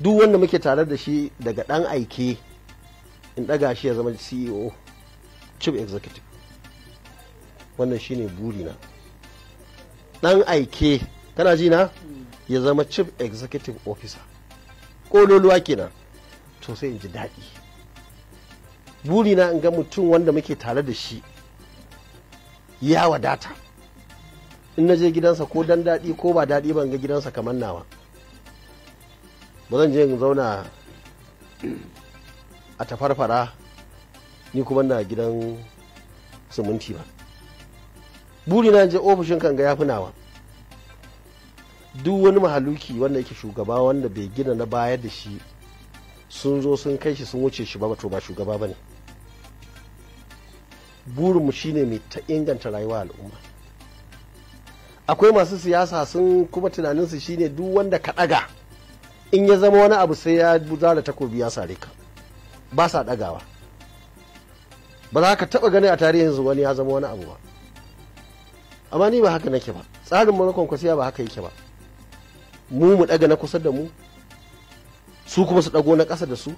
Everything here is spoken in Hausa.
duk wanda muke tare da shi daga dan aike in daga shi ya zama ceo chief executive wannan shine burina Dan aike kana ji na ya zama chief executive officer ƙololuwa kenan to sai in ji daɗi burina in ga mutum wanda muke tare da shi ya wadata in na je gidansa ko dan daɗi ko ba daɗi ban ga gidansa kamar nawa ba zan je in zauna a tafarfara ni kuma na gidan siminti ba buri na je ofishin kan ga ya fi nawa duk wani mahaluki wanda yake shugaba wanda bai gina na bayar da shi sun zo sun kai shi sun wuce shi ba to ba shugaba ba ne burinmu shi ne mai ta inganta rayuwa al'umma akwai masu siyasa sun kuma tunaninsu shine duk wanda ka ɗaga in ya zama wani abu sai ya zara takobi ya sare ka ba sa ɗagawa ba za ka taɓa gani a tarihin wani ya zama wani abu ba amma ni ba haka nake ba tsarin manakon kwasiya ba haka yake ba mu mu ɗaga na kusa da mu su kuma su ɗago na kasa da su